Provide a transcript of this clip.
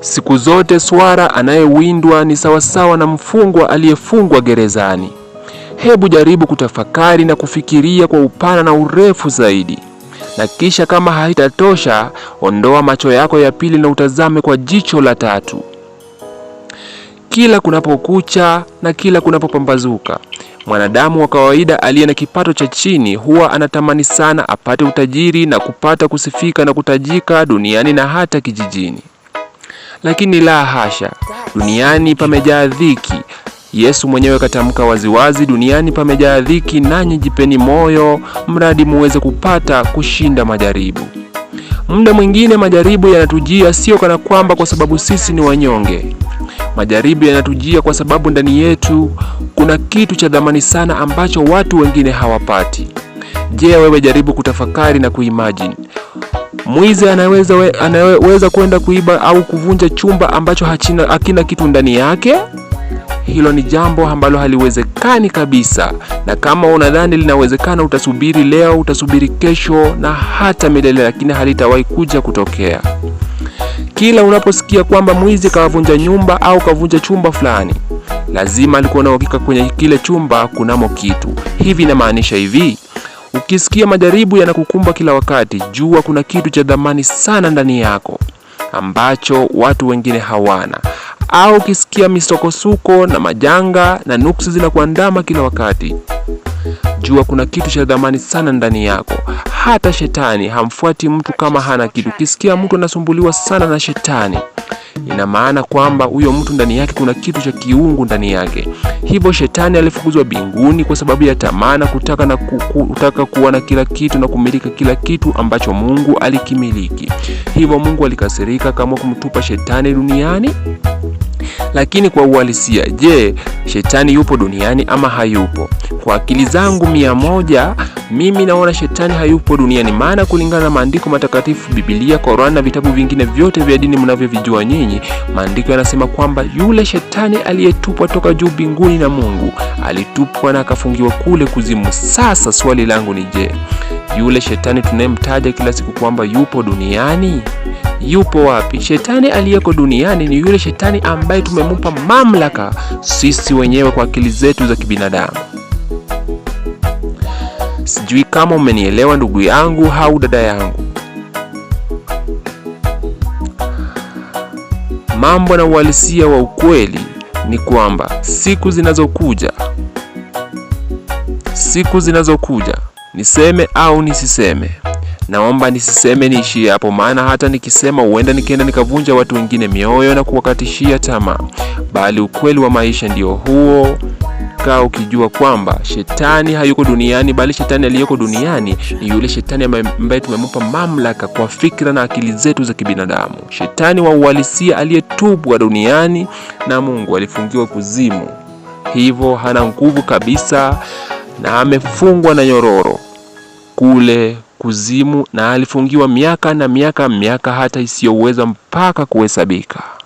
Siku zote swara anayewindwa ni sawasawa na mfungwa aliyefungwa gerezani. Hebu jaribu kutafakari na kufikiria kwa upana na urefu zaidi, na kisha kama haitatosha, ondoa macho yako ya pili na utazame kwa jicho la tatu. Kila kunapokucha na kila kunapopambazuka, mwanadamu wa kawaida aliye na kipato cha chini huwa anatamani sana apate utajiri na kupata kusifika na kutajika duniani na hata kijijini lakini la hasha, duniani pamejaa dhiki. Yesu mwenyewe katamka waziwazi, duniani pamejaa dhiki, nanyi jipeni moyo, mradi muweze kupata kushinda majaribu. Muda mwingine majaribu yanatujia sio kana kwamba kwa sababu sisi ni wanyonge. Majaribu yanatujia kwa sababu ndani yetu kuna kitu cha dhamani sana ambacho watu wengine hawapati. Je, wewe jaribu kutafakari na kuimagine Mwizi anaweza, we, anaweza kwenda kuiba au kuvunja chumba ambacho hachina, hakina kitu ndani yake. Hilo ni jambo ambalo haliwezekani kabisa, na kama unadhani linawezekana, utasubiri leo, utasubiri kesho na hata milele, lakini halitawahi kuja kutokea. Kila unaposikia kwamba mwizi kavunja nyumba au kavunja chumba fulani, lazima alikuwa na uhakika kwenye kile chumba kunamo kitu. Hivi inamaanisha hivi Ukisikia majaribu yanakukumba kila wakati, jua kuna kitu cha dhamani sana ndani yako ambacho watu wengine hawana. Au ukisikia misukosuko na majanga na nuksi zinakuandama kila wakati, jua kuna kitu cha dhamani sana ndani yako. Hata shetani hamfuati mtu kama hana kitu. Ukisikia mtu anasumbuliwa sana na shetani Ina maana kwamba huyo mtu ndani yake kuna kitu cha kiungu ndani yake. Hivyo shetani alifukuzwa binguni kwa sababu ya tamaa na kutaka na kutaka kuwa na kila kitu na kumilika kila kitu ambacho Mungu alikimiliki. Hivyo Mungu alikasirika kama kumtupa shetani duniani. Lakini kwa uhalisia, je, shetani yupo duniani ama hayupo? Kwa akili zangu mia moja mimi naona shetani hayupo duniani, maana kulingana na maandiko matakatifu, Biblia, Korani na vitabu vingine vyote vya dini mnavyovijua nyinyi, maandiko yanasema kwamba yule shetani aliyetupwa toka juu mbinguni na Mungu alitupwa na akafungiwa kule kuzimu. Sasa swali langu ni je, yule shetani tunayemtaja kila siku kwamba yupo duniani yupo wapi? Shetani aliyeko duniani ni yule shetani ambaye tumemupa mamlaka sisi wenyewe kwa akili zetu za kibinadamu. Sijui kama umenielewa ndugu yangu au dada yangu. Mambo na uhalisia wa ukweli ni kwamba siku zinazokuja, siku zinazokuja, niseme au nisiseme, naomba nisiseme, niishie hapo, maana hata nikisema huenda nikaenda nikavunja watu wengine mioyo na kuwakatishia tamaa, bali ukweli wa maisha ndio huo unakaa ukijua kwamba shetani hayuko duniani, bali shetani aliyoko duniani ni yule shetani ambaye tumemupa mamlaka kwa fikra na akili zetu za kibinadamu, shetani wa uhalisia aliyetubwa duniani na Mungu, alifungiwa kuzimu, hivyo hana nguvu kabisa na amefungwa na nyororo kule kuzimu, na alifungiwa miaka na miaka miaka, hata isiyoweza mpaka kuhesabika.